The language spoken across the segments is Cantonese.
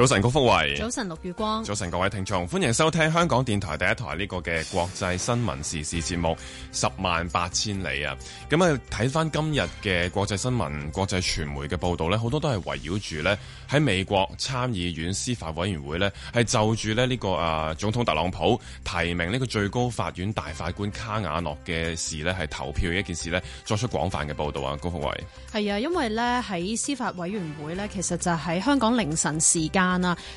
早晨，高福慧。早晨，陸月光。早晨，各位聽眾，歡迎收聽香港電台第一台呢個嘅國際新聞時事節目《十萬八千里》啊！咁啊，睇翻今日嘅國際新聞、國際傳媒嘅報道咧，好多都係圍繞住咧喺美國參議院司法委員會咧，係就住咧呢、呢個啊、呃、總統特朗普提名呢個最高法院大法官卡瓦諾嘅事咧，係投票的一件事咧，作出廣泛嘅報道啊！高福慧係啊，因為咧喺司法委員會咧，其實就喺香港凌晨時間。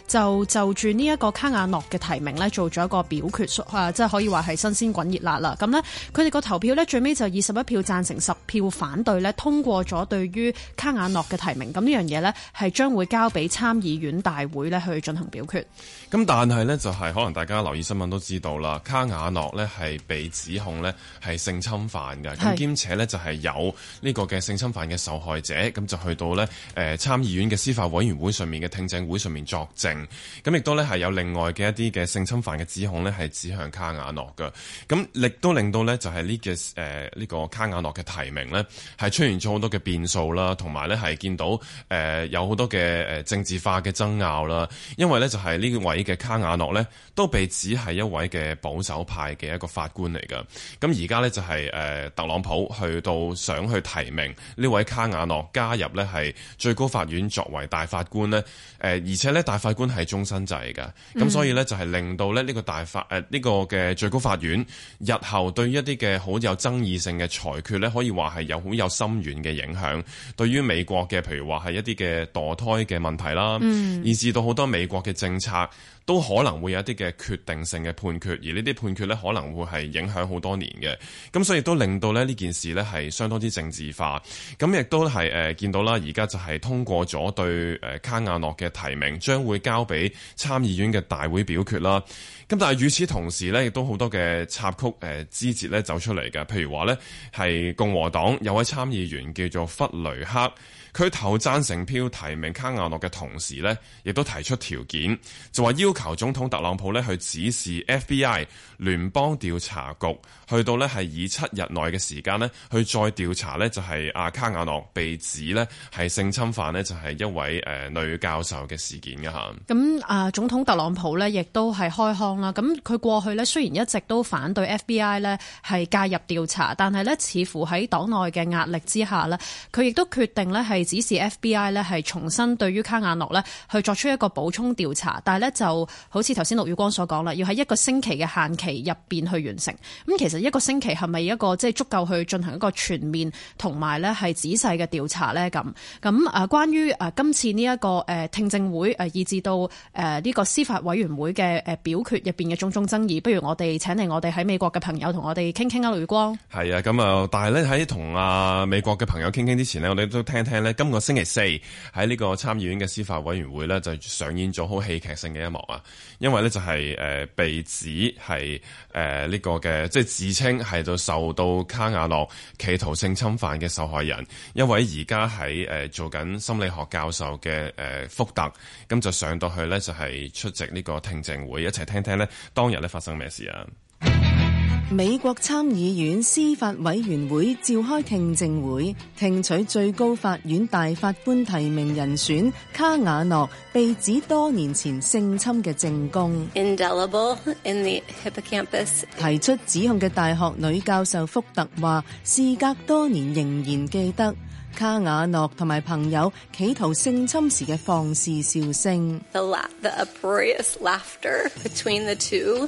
就就住呢一個卡瓦諾嘅提名呢做咗一個表決，啊，即係可以話係新鮮滾熱辣啦。咁呢佢哋個投票呢最尾就十一票贊成，十票反對呢，通過咗對於卡瓦諾嘅提名。咁呢樣嘢呢，係將會交俾參議院大會呢去進行表決。咁但係呢，就係可能大家留意新聞都知道啦，卡瓦諾呢係被指控呢係性侵犯嘅，咁兼是且呢，就係有呢個嘅性侵犯嘅受害者，咁就去到呢誒參議院嘅司法委員會上面嘅聽證會上面。作證，咁亦都咧係有另外嘅一啲嘅性侵犯嘅指控咧，係指向卡瓦諾嘅，咁亦都令到咧就係呢、呢個誒呢、呃呢個卡瓦諾嘅提名咧，係出現咗好多嘅變數啦，同埋咧係見到誒、呃、有好多嘅誒政治化嘅爭拗啦，因為咧就係呢位嘅卡瓦諾咧，都被指係一位嘅保守派嘅一個法官嚟嘅，咁而家咧就係、是、誒、呃、特朗普去到想去提名呢位卡瓦諾加入咧係最高法院作為大法官咧，誒、呃。而。而且咧大法官係終身制嘅，咁、嗯、所以咧就係令到咧呢個大法誒呢、呃這個嘅最高法院，日後對於一啲嘅好有爭議性嘅裁決咧，可以話係有好有深遠嘅影響。對於美國嘅，譬如話係一啲嘅墮胎嘅問題啦，嗯、而至到好多美國嘅政策。都可能會有一啲嘅決定性嘅判決，而呢啲判決呢可能會係影響好多年嘅，咁所以都令到呢件事呢係相當之政治化，咁亦都係誒、呃、見到啦，而家就係通過咗對卡瓦諾嘅提名，將會交俾參議院嘅大會表決啦，咁但係與此同時呢，亦都好多嘅插曲誒、呃、枝節呢走出嚟嘅，譬如話呢，係共和黨有位參議員叫做弗雷克。佢投贊成票提名卡瓦諾嘅同時咧，亦都提出條件，就話要求總統特朗普咧去指示 FBI 聯邦調查局去到咧係以七日內嘅時間咧去再調查咧就係阿卡瓦諾被指咧係性侵犯咧就係一位誒、呃、女教授嘅事件嘅吓，咁啊、呃，總統特朗普咧亦都係開腔啦。咁佢過去咧雖然一直都反對 FBI 咧係介入調查，但係咧似乎喺黨內嘅壓力之下咧，佢亦都決定咧係。指示 FBI 咧係重新對於卡瓦諾咧去作出一個補充調查，但係咧就好似頭先陸宇光所講啦，要喺一個星期嘅限期入邊去完成。咁、嗯、其實一個星期係咪一個即係足夠去進行一個全面同埋咧係仔細嘅調查咧？咁咁啊，關於啊今次呢、這、一個誒、呃、聽證會誒以至到誒呢、呃這個司法委員會嘅誒、呃、表決入邊嘅種種爭議，不如我哋請嚟我哋喺美國嘅朋友同我哋傾傾啊，陸宇光。係啊，咁啊，但係咧喺同啊美國嘅朋友傾傾之前咧，我哋都聽聽咧。今個星期四喺呢個參議院嘅司法委員會呢，就上演咗好戲劇性嘅一幕啊！因為呢，就係、是、誒、呃，被指係誒呢個嘅，即係自稱係到受到卡瓦諾企圖性侵犯嘅受害人，一位而家喺誒做緊心理學教授嘅誒、呃、福特，咁就上到去呢，就係、是、出席呢個聽證會，一齊聽聽呢當日呢發生咩事啊！美國參議院司法委員會召開聽證會，聽取最高法院大法官提名人選卡瓦諾被指多年前性侵嘅證供。Indelible in the hippocampus. 提出指控嘅大學女教授福特話，事隔多年仍然記得卡瓦諾同埋朋友企圖性侵時嘅放肆笑聲。The the uproarious laughter between the two.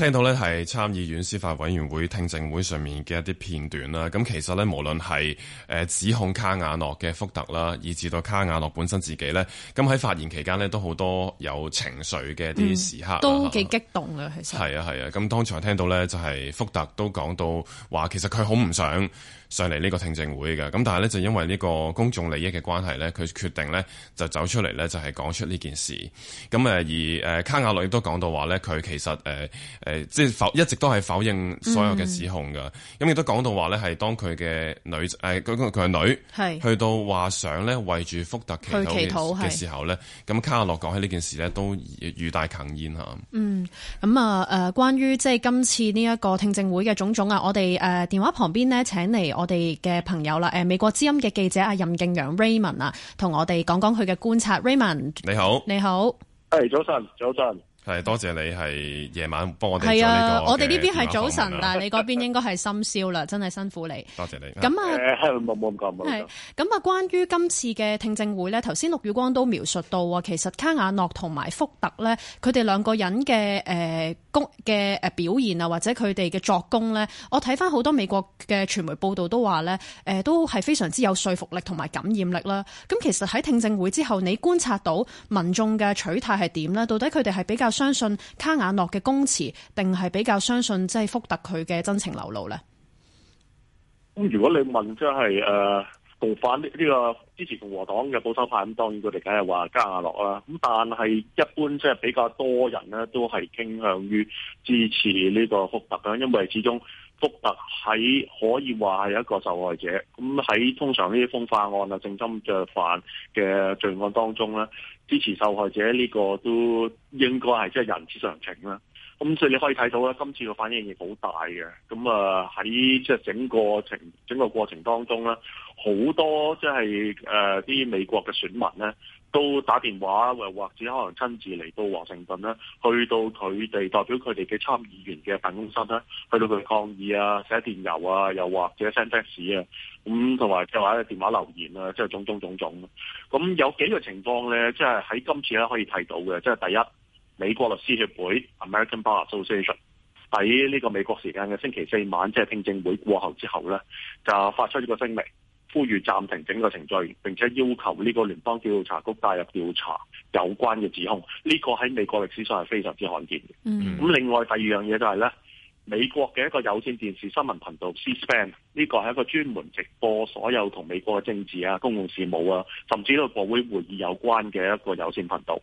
聽到呢係參議院司法委員會聽證會上面嘅一啲片段啦，咁其實呢，無論係誒指控卡瓦諾嘅福特啦，以至到卡瓦諾本身自己呢，咁喺發言期間呢，都好多有情緒嘅啲時刻，嗯、都幾激動啊其實。係啊係啊，咁、啊啊、當場聽到呢，就係福特都講到話，其實佢好唔想，上嚟呢個聽證會嘅，咁但係咧就因為呢個公眾利益嘅關係咧，佢決定咧就走出嚟咧就係、是、講出呢件事。咁、嗯、而誒卡瓦諾亦都講到話咧，佢其實誒、呃、即係否一直都係否認所有嘅指控噶。咁亦都講到話咧，係當佢嘅女誒佢個女是去到話想咧為住福特祈禱嘅時候咧，咁卡瓦諾講起呢件事咧都語帶哽咽嚇。嗯，咁啊誒關於即係今次呢一個聽證會嘅種種啊，我哋誒、呃、電話旁邊呢，請嚟。我哋嘅朋友啦，誒，美國之音嘅記者阿任敬揚 Raymond 啊，同我哋講講佢嘅觀察，Raymond，你好。你好。誒，早晨，早晨。係，多謝你係夜晚幫我哋。係啊，我哋呢邊係早晨，但係你嗰邊應該係深宵啦，真係辛苦你。多謝你。咁、這個、啊，係咁啊，欸、關於今次嘅聽證會咧，頭先陸耀光都描述到啊，其實卡瓦諾同埋福特咧，佢哋兩個人嘅誒。呃嘅誒表現啊，或者佢哋嘅作供呢，我睇返好多美國嘅傳媒報道都話呢，誒都係非常之有說服力同埋感染力啦。咁其實喺聽證會之後，你觀察到民眾嘅取態係點呢？到底佢哋係比較相信卡瓦諾嘅供詞，定係比較相信即係福特佢嘅真情流露呢？如果你問即係誒，Uh 共反呢個支持共和黨嘅保守派咁，當然佢哋梗係話卡瓦諾啦。咁但係一般即係比較多人呢，都係傾向於支持呢個福特。因為始終福特喺可以話係一個受害者。咁喺通常呢啲風化案啊、性侵犯嘅罪案當中咧，支持受害者呢個都應該係即係人之常情啦。咁、嗯、所以你可以睇到咧，今次個反應亦好大嘅。咁啊喺即係整個程整個過程當中咧，好多即係誒啲美國嘅選民咧，都打電話，或或者可能親自嚟到華盛頓啦，去到佢哋代表佢哋嘅參議員嘅辦公室啦，去到佢哋抗議啊，寫電郵啊，又或者 send text 啊，咁同埋即係話電話留言啊，即、就、係、是、種種種種。咁、嗯、有幾個情況咧，即係喺今次咧可以睇到嘅，即、就、係、是、第一。美國律師協會 American Bar Association 喺呢個美國時間嘅星期四晚，即係聽證會過後之後呢就發出呢個聲明，呼籲暫停整個程序，並且要求呢個聯邦調查局介入調查有關嘅指控。呢個喺美國歷史上係非常之罕見嘅。嗯。咁另外第二樣嘢就係呢，美國嘅一個有線電視新聞頻道 C-SPAN 呢個係一個專門直播所有同美國嘅政治啊、公共事務啊，甚至呢個國會會議有關嘅一個有線頻道。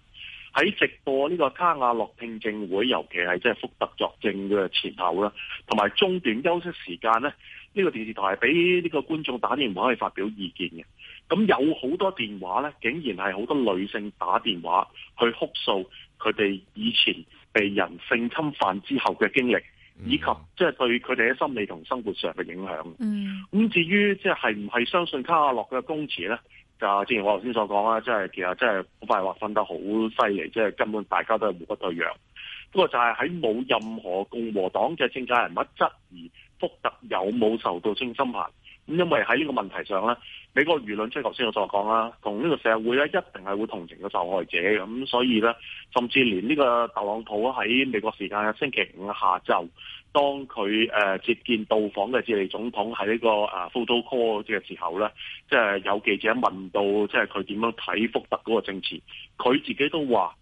喺直播呢個卡瓦諾聽證會，尤其係即係福特作證嘅前後啦，同埋中段休息時間咧，呢、呢個電視台係俾呢個觀眾打電話去發表意見嘅。咁有好多電話呢，竟然係好多女性打電話去哭訴佢哋以前被人性侵犯之後嘅經歷，以及即係對佢哋喺心理同生活上嘅影響。嗯，咁至於即係唔係相信卡瓦諾嘅供詞呢？就正如我頭先所講啦，即係其實真係好快劃分得好犀利，即係根本大家都係冇不對抗。不過就係喺冇任何共和黨嘅政界人物質疑福特有冇受到性侵犯。咁因為喺呢個問題上呢，美國輿論，即係頭先我所講啦，同呢個社會咧，一定係會同情嘅受害者。咁所以呢，甚至連呢個特朗普喺美國時間星期五下晝，當佢誒接見到訪嘅智利總統喺呢個誒 photo call 嘅時候呢，即係有記者問到即係佢點樣睇福特嗰個證詞，佢自己都話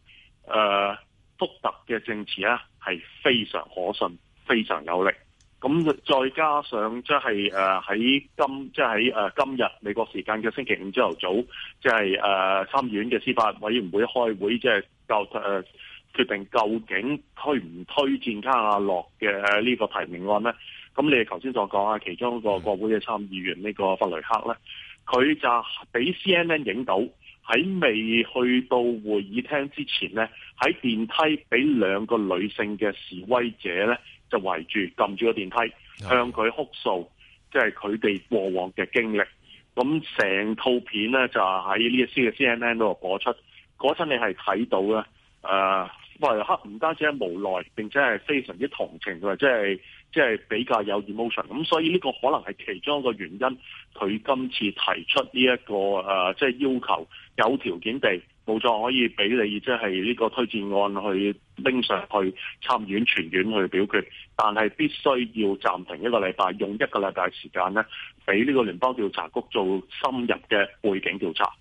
誒福特嘅證詞呢係非常可信、非常有力。咁再加上即係誒喺今即係喺今日美國時間嘅星期五朝頭早，即係誒參議院嘅司法委員會開會，即係就誒決定究竟推唔推薦卡亞諾嘅呢個提名案呢咁你哋頭先所講其中一個國會嘅參議員呢個弗雷克呢佢就俾 CNN 影到喺未去到會議廳之前呢喺電梯俾兩個女性嘅示威者呢就圍住撳住個電梯，向佢哭訴，即係佢哋過往嘅經歷。咁成套片咧就喺呢一 c 嘅 C N N 嗰度播出。嗰陣你係睇到咧，誒、呃，喂黑，唔單止係無奈，並且係非常之同情，或者係即係比較有 emotion。咁所以呢個可能係其中一個原因，佢今次提出呢、這、一個誒，即、呃、係、就是、要求有條件地。冇錯，可以俾你即係呢個推薦案去拎上去參院全院去表決，但係必須要暫停一個禮拜，用一個禮拜時間咧，俾呢個聯邦調查局做深入嘅背景調查。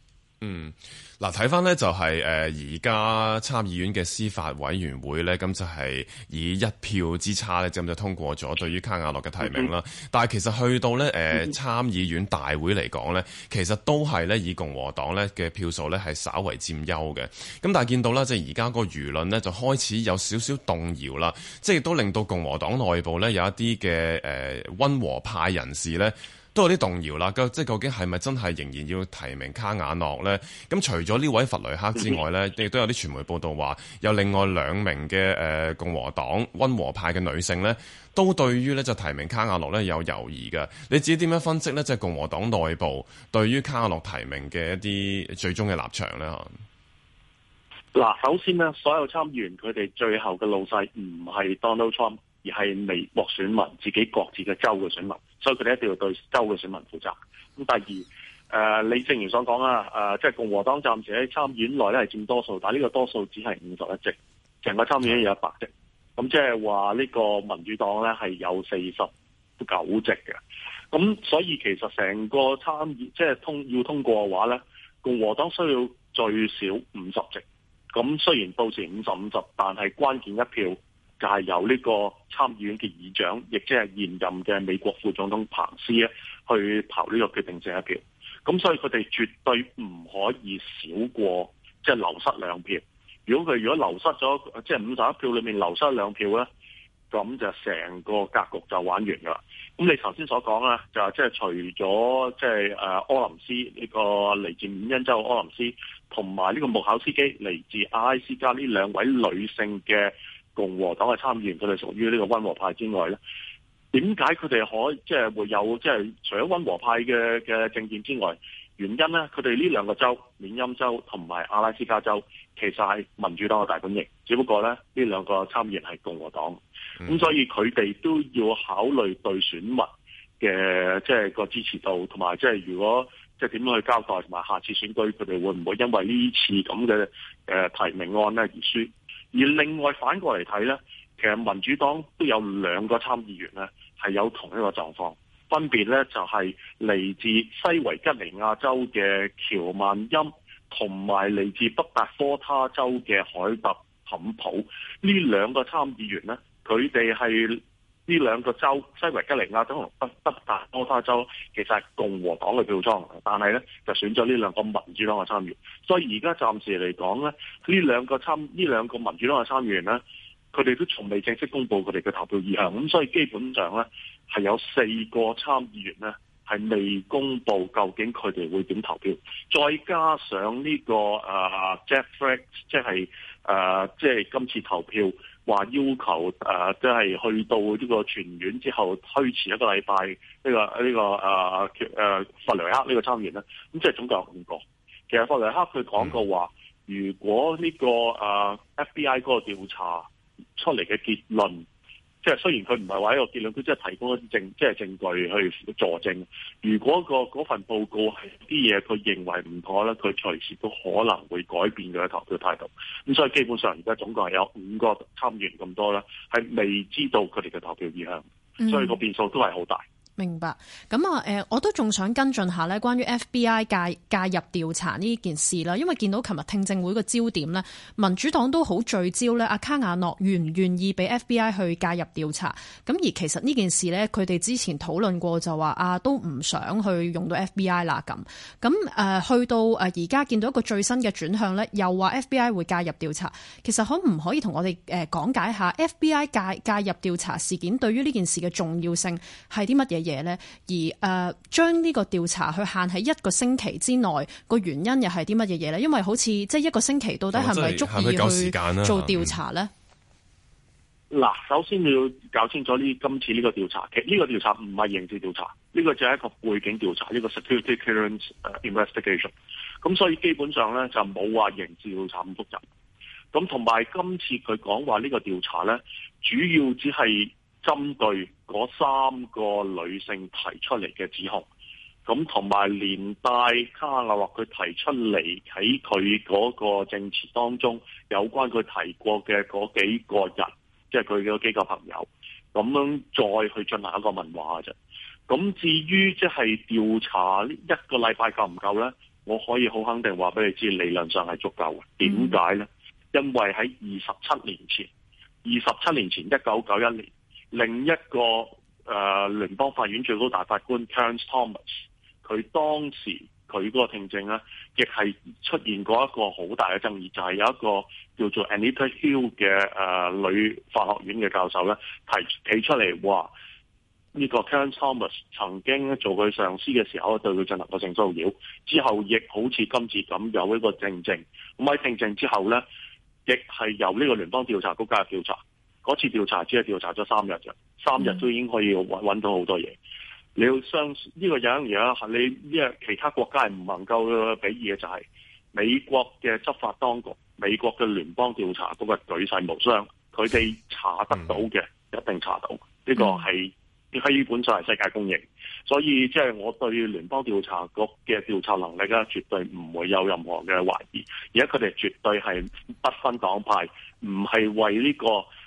嗯，嗱，睇翻呢就係誒而家參議院嘅司法委員會呢，咁就係、是、以一票之差呢，即咁就是、通過咗對於卡瓦諾嘅提名啦。但係其實去到呢誒、呃、參議院大會嚟講呢，其實都係呢以共和黨呢嘅票數呢係稍微佔優嘅。咁但係見到啦，即係而家個輿論呢，就開始有少少動搖啦，即係亦都令到共和黨內部呢有一啲嘅誒温和派人士呢。都有啲動搖啦，即究竟係咪真係仍然要提名卡瓦諾呢？咁除咗呢位弗雷克之外呢，亦都有啲傳媒報道話，有另外兩名嘅共和黨温和派嘅女性呢，都對於呢就提名卡瓦諾呢有猶疑嘅。你自己點樣分析呢？即係共和黨內部對於卡瓦諾提名嘅一啲最終嘅立場呢？嗱，首先呢，所有參議員佢哋最後嘅老細唔係 Donald Trump。而係美國選民自己各自嘅州嘅選民，所以佢哋一定要對州嘅選民負責。咁第二，誒你正如所講啦，誒即係共和黨暫時喺參議院內咧係佔多數，但係呢個多數只係五十一席，成個參議院有一百席，咁即係話呢個民主黨咧係有四十九席嘅。咁所以其實成個參院即係通要通過嘅話咧，共和黨需要最少五十席。咁雖然到時五十五席，但係關鍵一票。就係由呢個參議院嘅議長，亦即係現任嘅美國副總統彭斯咧，去投呢個決定性一票。咁所以佢哋絕對唔可以少過，即係流失兩票。如果佢如果流失咗，即係五十一票裏面流失兩票呢，咁就成個格局就玩完噶啦。咁你頭先所講啦，就係即係除咗即係誒柯林斯呢個嚟自五恩州柯林斯，同埋呢個穆考斯基嚟自阿拉斯加呢兩位女性嘅。共和黨嘅參議員佢哋屬於呢個温和派之外咧，點解佢哋可以即係會有即係除咗温和派嘅嘅政見之外？原因咧，佢哋呢兩個州，緬因州同埋阿拉斯加州，其實係民主黨嘅大本營，只不過咧呢兩個參議員係共和黨，咁、嗯、所以佢哋都要考慮對選民嘅即係個支持度，同埋即係如果即係點樣去交代，同埋下次選舉佢哋會唔會因為呢次咁嘅、呃、提名案咧而輸？而另外反過嚟睇呢，其實民主黨都有兩個參議員呢，係有同一個狀況，分別呢，就係嚟自西維吉尼亞州嘅喬曼欽同埋嚟自北達科他州嘅海特坎普，呢兩個參議員呢，佢哋係。呢兩個州，西維吉尼亞州同北北達科他州，其實係共和黨嘅票倉，但係呢就選咗呢兩個民主黨嘅參議員。所以而家暫時嚟講咧，呢兩個參呢兩個民主黨嘅參議員呢，佢哋都從未正式公布佢哋嘅投票意向。咁所以基本上呢，係有四個參議員呢，係未公布究竟佢哋會點投票。再加上呢、呢個誒、呃、Jeff Flake 即係誒即係今次投票。話要求誒，即、呃、係、就是、去到呢個全院之後，推遲一個禮拜呢個呢、這個誒誒、呃呃、弗雷克呢個參議員咧，咁、嗯、即係總共有五個。其實弗雷克佢講過話，如果呢、這個誒、呃、FBI 嗰個調查出嚟嘅結論。即係雖然佢唔係話一個結論，佢即係提供一啲證，即係證據去助證。如果個嗰份報告係啲嘢，佢認為唔妥咧，佢隨時都可能會改變佢嘅投票態度。咁所以基本上而家總共係有五個參議員咁多咧，係未知道佢哋嘅投票意向，所以個變數都係好大。嗯明白，咁、嗯、啊，我都仲想跟進下咧，關於 FBI 介介入調查呢件事啦，因為見到琴日聽證會個焦點咧，民主黨都好聚焦咧，阿卡瓦諾願唔願意俾 FBI 去介入調查？咁而其實呢件事咧，佢哋之前討論過就話啊，都唔想去用到 FBI 啦咁。咁誒、呃、去到誒而家見到一個最新嘅轉向咧，又話 FBI 會介入調查。其實可唔可以同我哋誒講解下 FBI 介介入調查事件對於呢件事嘅重要性係啲乜嘢？嘢咧，而誒、呃、將呢個調查去限喺一個星期之內，個原因又係啲乜嘢嘢咧？因為好似即係一個星期到底係咪足夠去，去做調查咧？嗱、嗯，首先你要搞清楚呢今次呢個調查，其實呢個調查唔係刑事調查，呢、呢個就係一個背景調查，呢、呢個 security clearance investigation。咁所以基本上咧就冇話刑事調查咁複雜。咁同埋今次佢講話呢個調查咧，主要只係針對嗰三個女性提出嚟嘅指控，咁同埋連帶卡瓦諾佢提出嚟喺佢嗰個證詞當中有關佢提過嘅嗰幾個人，即係佢嘅幾個朋友，咁樣再去進行一個問話啫。咁至於即係調查呢一個禮拜夠唔夠呢？我可以好肯定話俾你知，理論上係足夠嘅。點解呢？因為喺二十七年前，二十七年前一九九一年。另一個誒聯邦法院最高大法官 Clarence Thomas，佢當時佢嗰個聽證咧，亦係出現過一個好大嘅爭議，就係有一個叫做 Anita Hill 嘅女法學院嘅教授咧，提出嚟話呢個 Clarence Thomas 曾經做佢上司嘅時候，對佢進行過性騷擾，之後亦好似今次咁有呢個聽證，咁喺聽證之後咧，亦係由呢個聯邦調查局加入調查。嗰次調查只係調查咗三日啫，三日都已經可以搵到好多嘢。嗯、你要相信呢個樣嘢而家你呢個，其他國家係唔能夠比擬，就係美國嘅執法當局、美國嘅聯邦調查局係舉世無雙。佢哋查得到嘅、嗯、一定查到，呢、這個係基、嗯、本上係世界公認。所以即係我對聯邦調查局嘅調查能力咧、啊，絕對唔會有任何嘅懷疑。而家佢哋絕對係不分黨派，唔係為呢、這個。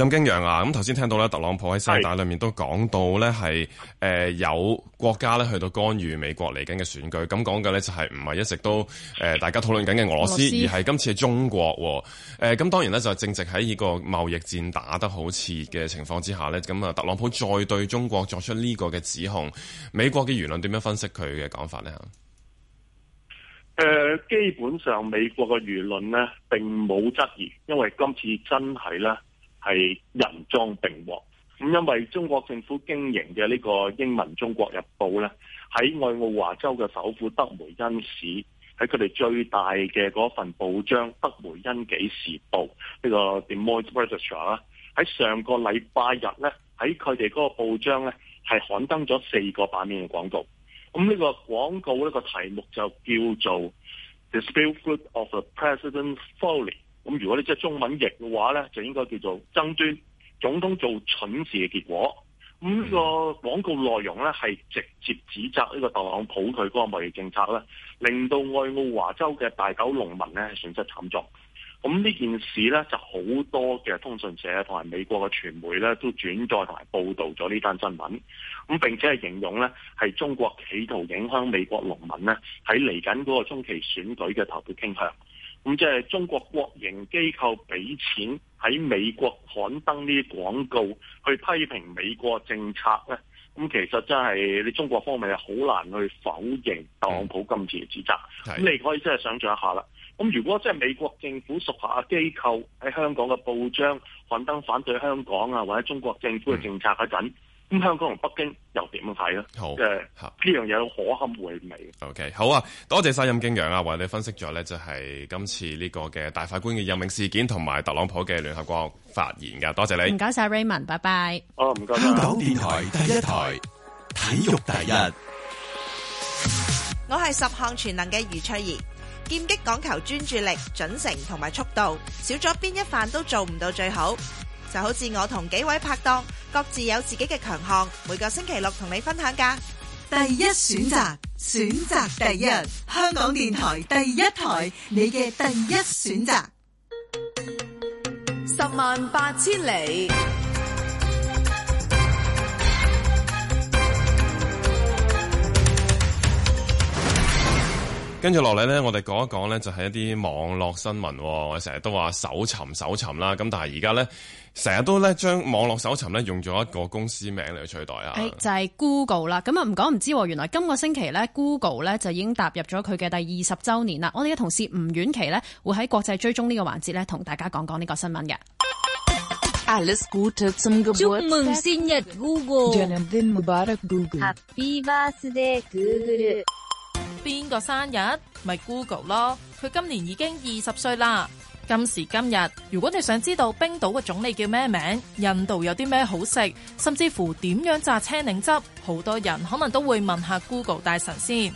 任敬揚啊，咁頭先聽到咧，特朗普喺聲帶裏面都講到咧，係誒有國家咧去到干預美國嚟緊嘅選舉，咁講嘅咧就係唔係一直都誒大家討論緊嘅俄羅斯，羅斯而係今次係中國。誒，咁當然咧就係正值喺呢個貿易戰打得好似嘅情況之下咧，咁啊，特朗普再對中國作出呢個嘅指控，美國嘅輿論點樣分析佢嘅講法咧？吓誒、呃，基本上美國嘅輿論呢，並冇質疑，因為今次真係咧。係人贓並獲，咁因為中國政府經營嘅呢個英文《中國日報》咧，喺愛奧華州嘅首府德梅恩市，喺佢哋最大嘅嗰份報章《德梅恩幾時報》呢個《The Des Moines Register》啦，喺上個禮拜日咧，喺佢哋嗰個報章咧係刊登咗四個版面嘅廣告，咁呢個廣告呢個題目就叫做《The Fruits of a President's Folly》。咁如果你即係中文譯嘅話呢就應該叫做爭端總統做蠢事嘅結果。咁呢個廣告內容呢，係直接指責呢個特朗普佢嗰個貿易政策呢令到愛奧華州嘅大狗農民呢損失慘重。咁呢件事呢，就好多嘅通訊社同埋美國嘅傳媒呢都轉載同埋報導咗呢單新聞。咁並且係形容呢，係中國企圖影響美國農民呢，喺嚟緊嗰個中期選舉嘅投票傾向。咁即係中國國營機構俾錢喺美國刊登呢啲廣告，去批評美國政策咧。咁其實真係你中國方面好難去否認特朗普今次嘅指責。咁你可以真係想象一下啦。咁如果即係美國政府屬下機構喺香港嘅報章刊登反對香港啊或者中國政府嘅政策嗰陣。咁香港同北京又點樣睇咧？好，誒、呃，呢是樣嘢好可堪回味。O、okay, K，好啊，多謝晒任敬揚啊，為你分析咗咧，就係今次呢個嘅大法官嘅任命事件同埋特朗普嘅聯合國發言噶。多謝你，唔該晒 Raymond，拜拜。哦，唔該。香港電台第一台體育第一，我係十項全能嘅余翠怡，劍擊講求專注力、準成同埋速度，少咗邊一範都做唔到最好。就好似我同幾位拍檔，各自有自己嘅強項。每個星期六同你分享㗎。第一選擇，選擇第一，香港電台第一台，你嘅第一選擇。十萬八千里。跟住落嚟呢，我哋講一講呢，就係一啲網絡新聞。我哋成日都話搜尋、搜尋啦，咁但係而家呢。成日都將網絡搜尋用咗一個公司名嚟取代啊、哎，就係、是、Google 喇。噉啊，唔講唔知喎。原來今個星期呢，Google 呢就已經踏入咗佢嘅第二十周年喇。我哋嘅同事吳沅琪呢，會喺國際追蹤呢個環節呢，同大家講講呢個新聞嘅：啊「Happy Birthday，Google」。邊個生日？咪 Google 囉。佢今年已經二十歲啦。今時今日，如果你想知道冰島嘅總理叫咩名，印度有啲咩好食，甚至乎點樣榨青檸汁，好多人可能都會問一下 Google 大神先。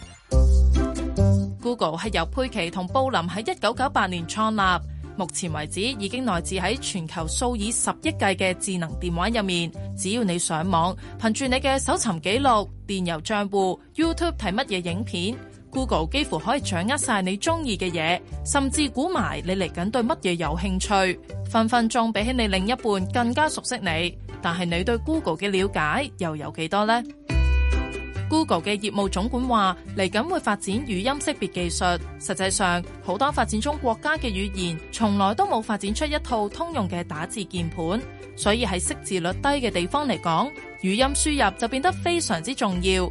Google 係由佩奇同布林喺一九九八年創立，目前為止已經內置喺全球數以十億計嘅智能電話入面。只要你上網，憑住你嘅搜尋記錄、電郵賬戶、YouTube 睇乜嘢影片。Google 幾乎可以掌握晒你中意嘅嘢，甚至估埋你嚟緊對乜嘢有興趣。分分鐘比起你另一半更加熟悉你，但係你對 Google 嘅了解又有幾多呢？Google 嘅業務總管話嚟緊會發展語音識別技術。實際上，好多發展中國家嘅語言從來都冇發展出一套通用嘅打字鍵盤，所以喺識字率低嘅地方嚟講，語音輸入就變得非常之重要。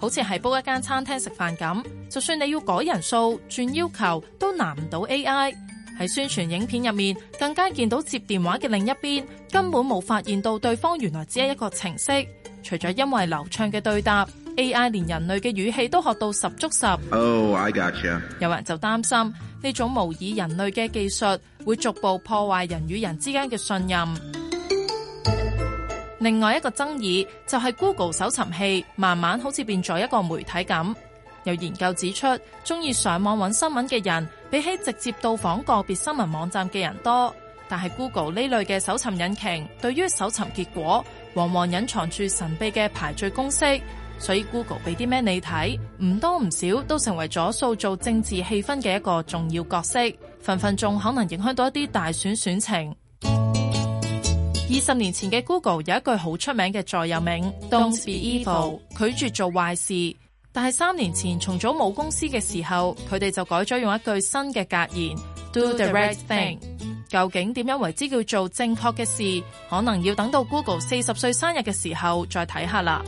好似係煲一間餐廳食飯咁，就算你要改人數、轉要求，都難唔到 AI。喺宣傳影片入面，更加見到接電話嘅另一邊根本冇發現到對方原來只係一個程式。除咗因為流暢嘅對答，AI 連人類嘅語氣都學到十足十。Oh, I got you. 有人就擔心呢種模擬人類嘅技術會逐步破壞人與人之間嘅信任。另外一個爭議就係 Google 搜尋器慢慢好似變咗一個媒體咁。有研究指出，中意上網揾新聞嘅人比起直接到訪個別新聞網站嘅人多，但係 Google 呢類嘅搜尋引擎對於搜尋結果往往隱藏住神秘嘅排序公式，所以 Google 俾啲咩你睇，唔多唔少都成為咗塑造政治氣氛嘅一個重要角色，分分鐘可能影響到一啲大選選情。二十年前嘅 Google 有一句好出名嘅座右銘，Don't Don't be evil，, evil. 拒絕做壞事。但係三年前重組母公司嘅時候，佢哋就改咗用一句新嘅格言，Do, Do the right thing。究竟點樣為之叫做正確嘅事？可能要等到 Google 四十歲生日嘅時候再睇下啦。